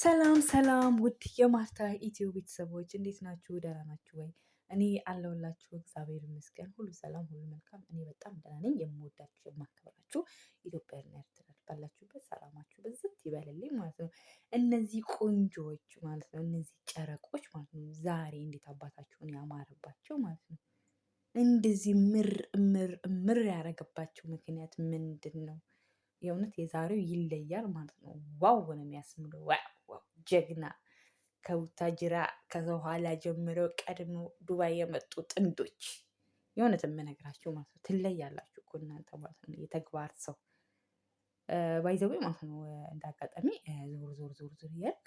ሰላም ሰላም ውድ የማርታ ኢትዮ ቤተሰቦች እንዴት ናችሁ? ደህና ናችሁ ወይ? እኔ አለሁላችሁ እግዚአብሔር ይመስገን፣ ሁሉ ሰላም፣ ሁሉ መልካም። እኔ በጣም ደህና ነኝ። የምወዳችሁ የማከብራችሁ ኢትዮጵያና ኤርትራ ባላችሁበት ሰላማችሁ ብዝት ይበልልኝ ማለት ነው። እነዚህ ቆንጆዎች ማለት ነው፣ እነዚህ ጨረቆች ማለት ነው። ዛሬ እንዴት አባታችሁን ያማረባቸው ማለት ነው። እንደዚህ ምር ምር ምር ያደረገባቸው ምክንያት ምንድን ነው? የእውነት የዛሬው ይለያል ማለት ነው። ዋው ነው የሚያስምለው። ጀግና ከቡታጅራ ኋላ ጀምረው ቀድሞ ዱባይ የመጡ ጥንዶች የእውነት የምነግራችሁ ማለት ነው። ትለያላችሁ እኮ እናንተ ማለት ነው። የተግባር ሰው ባይዘዌ ማለት ነው። እንዳጋጣሚ ዞር ዞር ዞር ዞር እያልክ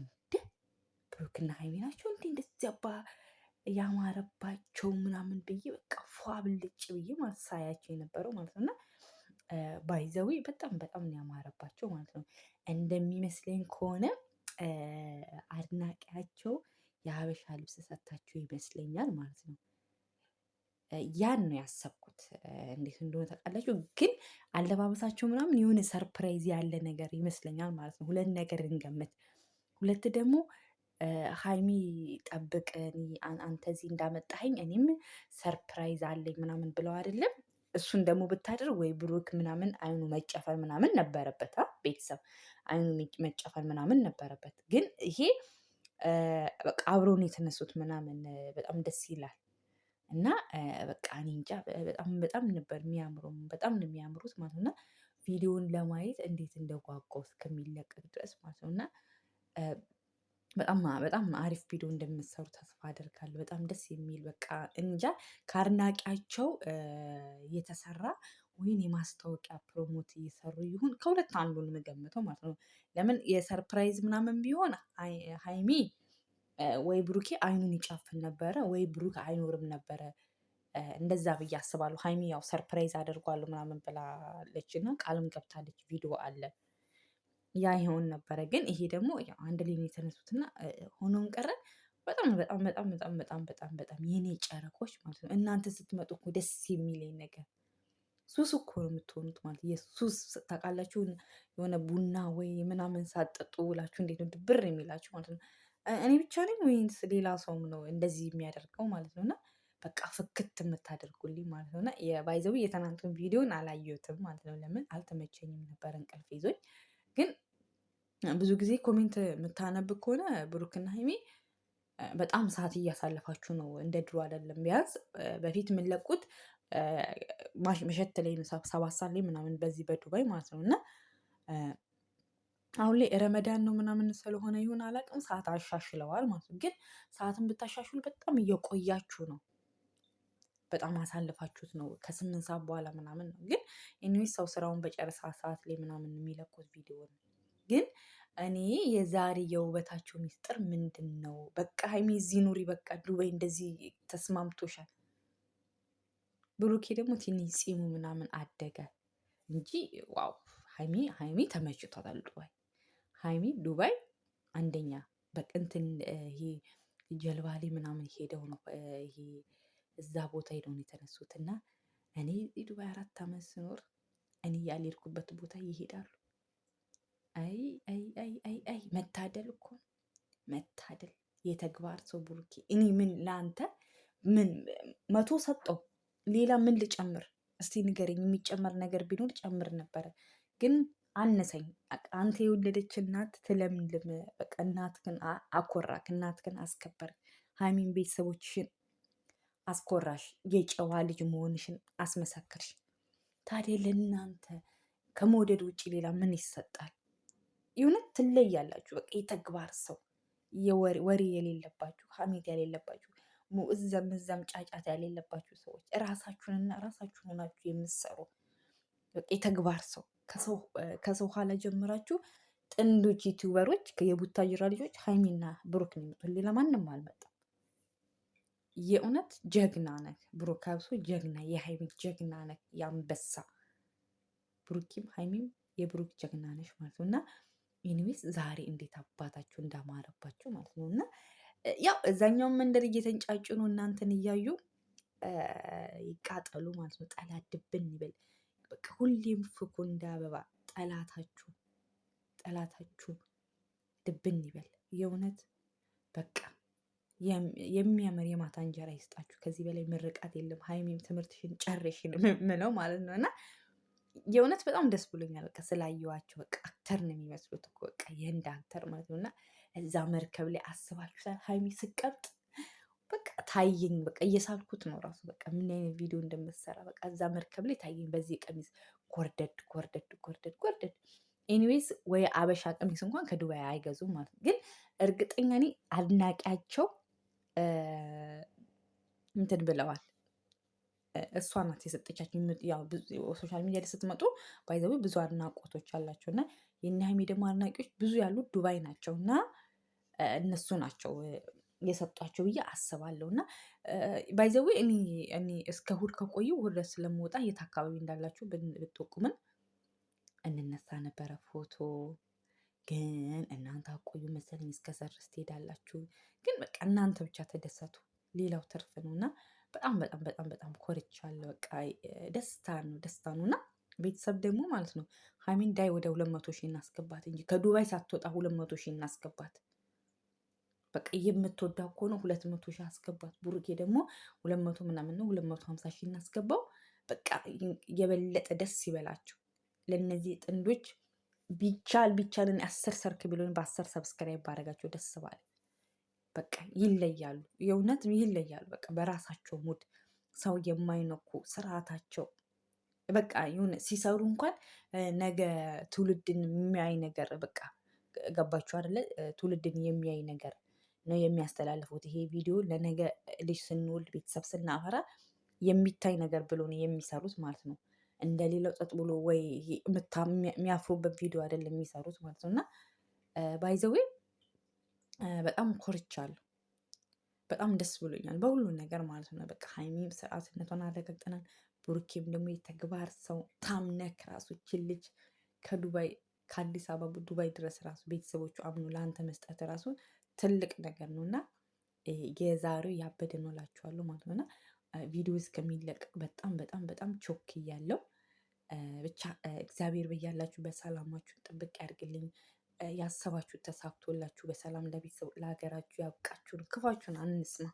እንደ ብሩክና ሀይሜ ናቸው እንዲ እንደዚያ ባ ያማረባቸው ምናምን ብዬ በቃ ፏ ብልጭ ብዬ ማለት ሳያቸው የነበረው ማለት ነው እና ባይዘዌ በጣም በጣም ያማረባቸው ማለት ነው እንደሚመስለኝ ከሆነ አድናቂያቸው የሀበሻ ልብስ ሰታቸው ይመስለኛል ማለት ነው። ያን ነው ያሰብኩት። እንዴት እንደሆነ ታውቃላችሁ፣ ግን አለባበሳቸው ምናምን የሆነ ሰርፕራይዝ ያለ ነገር ይመስለኛል ማለት ነው። ሁለት ነገር እንገምት። ሁለት ደግሞ ሀይሚ ጠብቅ፣ አንተ እዚህ እንዳመጣኸኝ እኔም ሰርፕራይዝ አለኝ ምናምን ብለው አይደለም እሱን ደግሞ ብታደርግ ወይ ብሩክ ምናምን አይኑ መጨፈር ምናምን ነበረበት፣ ቤተሰብ አይኑ መጨፈር ምናምን ነበረበት። ግን ይሄ በቃ አብረውን የተነሱት ምናምን በጣም ደስ ይላል እና በቃ እኔ እንጃ በጣም በጣም ነበር የሚያምሩ በጣም ነው የሚያምሩት ማለት ነውና ቪዲዮውን ለማየት እንዴት እንደጓጓው እስከሚለቀቅ ድረስ ማለት እና በጣም በጣም አሪፍ ቪዲዮ እንደምትሰሩ ተስፋ አደርጋለሁ። በጣም ደስ የሚል በቃ እንጃ ከአድናቂያቸው የተሰራ ወይም የማስታወቂያ ፕሮሞት እየሰሩ ይሁን ከሁለት አንዱን የምገምተው ማለት ነው። ለምን የሰርፕራይዝ ምናምን ቢሆን ሀይሚ ወይ ብሩኬ አይኑን ይጨፍን ነበረ ወይ ብሩክ አይኖርም ነበረ። እንደዛ ብዬ አስባለሁ። ሀይሚ ያው ሰርፕራይዝ አደርጓለሁ ምናምን ብላለች እና ቃልም ገብታለች። ቪዲዮ አለ ያ ይሆን ነበረ። ግን ይሄ ደግሞ አንድ ላይ የተነሱትና ሆኖም ቀረ። በጣም በጣም በጣም በጣም በጣም በጣም በጣም የኔ ጨረቆች ማለት ነው። እናንተ ስትመጡ እኮ ደስ የሚለኝ ነገር ሱስ እኮ ነው የምትሆኑት ማለት የሱስ ታውቃላችሁ። የሆነ ቡና ወይ ምናምን ሳጠጡ ውላችሁ እንዴት ነው ድብር የሚላችሁ ማለት ነው። እኔ ብቻ ነኝ ወይንስ ሌላ ሰውም ነው እንደዚህ የሚያደርገው ማለት ነው? እና በቃ ፍክት የምታደርጉልኝ ማለት ነው። እና ባይዘዊ የትናንቱን ቪዲዮን አላየሁትም ማለት ነው። ለምን አልተመቸኝም ነበር እንቅልፍ ይዞኝ ግን ብዙ ጊዜ ኮሜንት የምታነብ ከሆነ ብሩክና ሀይሚ በጣም ሰዓት እያሳለፋችሁ ነው። እንደ ድሮ አይደለም። ቢያንስ በፊት የምንለቁት መሸት ላይ ሰባት ሰዓት ላይ ምናምን በዚህ በዱባይ ማለት ነው እና አሁን ላይ ረመዳን ነው ምናምን ስለሆነ ይሁን አላውቅም፣ ሰዓት አሻሽለዋል ማለት ነው። ግን ሰዓትን ብታሻሽሉ በጣም እየቆያችሁ ነው። በጣም አሳልፋችሁት ነው ከስምንት ሰዓት በኋላ ምናምን ነው። ግን እኒዌይ ሰው ስራውን በጨረሳ ሰዓት ላይ ምናምን የሚለቁት ቪዲዮ ነው። ግን እኔ የዛሬ የውበታቸው ሚስጥር ምንድን ነው? በቃ ሀይሚ እዚህ ኑሪ፣ በቃ ዱባይ እንደዚህ ተስማምቶሻል። ብሩኬ ደግሞ ቲኒ ጺሙ ምናምን አደገ እንጂ ዋው ሀይሚ ሀይሚ ተመችቷታል ዱባይ። ሀይሚ ዱባይ አንደኛ በቅንትን ይሄ ጀልባሌ ምናምን ሄደው ነው ይሄ እዛ ቦታ ሄደው ነው የተነሱት። እና እኔ ዱባይ አራት ዓመት ስኖር እኔ ያልሄድኩበት ቦታ ይሄዳሉ። አይ አይ አይ አይ አይ መታደል እኮ መታደል የተግባር ሰው ብሩኬ። እኔ ምን ለአንተ ምን መቶ ሰጠው፣ ሌላ ምን ልጨምር እስቲ ንገረኝ። የሚጨመር ነገር ቢኖር ጨምር ነበረ፣ ግን አነሰኝ። አንተ የወለደች እናት ትለምልም። በቃ እናትህን አኮራክ፣ እናትህን አስከበርክ። ሀይሚን ቤተሰቦችሽን አስኮራሽ፣ የጨዋ ልጅ መሆንሽን አስመሰክርሽ። ታዲያ ለእናንተ ከመውደድ ውጭ ሌላ ምን ይሰጣል? የእውነት ትለያላችሁ። በቃ የተግባር ሰው ወሬ የሌለባችሁ፣ ሀሜት የሌለባችሁ፣ እዛም እዛም ጫጫታ የሌለባችሁ ሰዎች ራሳችሁንና ራሳችሁን ሆናችሁ የምትሰሩ በቃ የተግባር ሰው ከሰው ኋላ ጀምራችሁ ጥንዶች ዩቲዩበሮች የቡታ ጅራ ልጆች ሀይሚና ብሩክ ነው የመጡት። ሌላ ማንም አልመጣም። የእውነት ጀግና ነህ ብሩክ አብሶ ጀግና የሀይሚ ጀግና ነህ የአንበሳ ብሩኪም ሀይሚም የብሩክ ጀግና ነሽ ማለት ነው እና ኢኒዌይስ ዛሬ እንዴት አባታችሁ እንዳማረባችሁ ማለት ነው እና ያው እዛኛው መንደር እየተንጫጩ ነው እናንተን እያዩ ይቃጠሉ ማለት ነው። ጠላት ድብን ይበል። በቃ ሁሌም ፍኩ እንደ አበባ ጠላታችሁ ጠላታችሁ ድብን ይበል የእውነት በቃ የሚያምር የማታ እንጀራ ይስጣችሁ። ከዚህ በላይ ምርቃት የለም። ሀይሚም ትምህርትሽን ጨርሽ ምለው ማለት ነው እና የእውነት በጣም ደስ ብሎኛል። በቃ ስላየዋቸው በቃ አክተር ነው የሚመስሉት እኮ በቃ የህንድ አክተር ማለት ነው እና እዛ መርከብ ላይ አስባችሁታል። ሀይሚ ስቀብጥ በቃ ታየኝ። በቃ እየሳልኩት ነው ራሱ በቃ ምን አይነት ቪዲዮ እንደምትሰራ በቃ እዛ መርከብ ላይ ታየኝ። በዚህ ቀሚስ ጎርደድ ጎርደድ ጎርደድ ጎርደድ። ኤኒዌይስ ወይ አበሻ ቀሚስ እንኳን ከዱባይ አይገዙም ማለት ነው። ግን እርግጠኛ እኔ አድናቂያቸው እንትን ብለዋል። እሷ ናት የሰጠቻቸው። ሶሻል ሚዲያ ስትመጡ ባይዘዊ ብዙ አድናቆቶች አላቸው እና የኒሀይሚ ደግሞ አድናቂዎች ብዙ ያሉ ዱባይ ናቸው እና እነሱ ናቸው የሰጧቸው ብዬ አስባለሁ። እና ባይዘዊ እኔ እስከ እሑድ ከቆዩ እሑድ ዕለት ስለምወጣ የት አካባቢ እንዳላችሁ ብትወቁምን እንነሳ ነበረ ፎቶ ግን እናንተ አቆዩ መሰለኝ እስከ ሰርስ ትሄዳላችሁ። ግን በቃ እናንተ ብቻ ተደሰቱ፣ ሌላው ትርፍ ነው እና በጣም በጣም በጣም በጣም ኮርቻለሁ። በቃ ደስታ ነው ደስታ ነው እና ቤተሰብ ደግሞ ማለት ነው ሀሚን ዳይ ወደ ሁለት መቶ ሺህ እናስገባት እንጂ ከዱባይ ሳትወጣ ሁለት መቶ ሺህ እናስገባት። በቃ የምትወዳ ከሆነ ሁለት መቶ ሺህ አስገባት። ቡሩኬ ደግሞ ሁለት መቶ ምናምን ነው ሁለት መቶ ሀምሳ ሺህ እናስገባው። በቃ የበለጠ ደስ ይበላቸው ለእነዚህ ጥንዶች ቢቻል ቢቻልን አስር ሰርክ ቢሎን በአስር ሰብስክራይብ ባደረጋቸው ደስ ባለ። በቃ ይለያሉ፣ የእውነት ይለያሉ። በቃ በራሳቸው ሙድ ሰው የማይነኩ ስርዓታቸው በቃ የሆነ ሲሰሩ እንኳን ነገ ትውልድን የሚያይ ነገር በቃ ገባችሁ አይደለ? ትውልድን የሚያይ ነገር ነው የሚያስተላልፉት። ይሄ ቪዲዮ ለነገ ልጅ ስንወልድ ቤተሰብ ስናፈራ የሚታይ ነገር ብሎ ነው የሚሰሩት ማለት ነው። እንደሌላው ጸጥ ብሎ ወይ የሚያፍሩበት ቪዲዮ አይደለም የሚሰሩት ማለት ነው። እና ባይዘዌ በጣም ኮርቻለሁ። በጣም ደስ ብሎኛል በሁሉ ነገር ማለት ነው። በቃ ሀይሚም ስርዓትነቷን አረጋግጠናል። ብሩኬም ደግሞ የተግባር ሰው ታምነክ ራሱ ልጅ ከዱባይ ከአዲስ አበባ ዱባይ ድረስ ራሱ ቤተሰቦቹ አምኖ ለአንተ መስጠት ራሱ ትልቅ ነገር ነው እና የዛሬው ያበደ ነው እላችኋለሁ ማለት ነው እና ቪዲዮ እስከሚለቀቅ በጣም በጣም በጣም ቾክ እያለው ብቻ እግዚአብሔር በያላችሁ ሰላማችሁን ጥብቅ ያድርግልኝ። ያሰባችሁ ተሳክቶላችሁ በሰላም ለቤተሰብ ለሀገራችሁ ያብቃችሁን። ክፋችሁን አንስማ።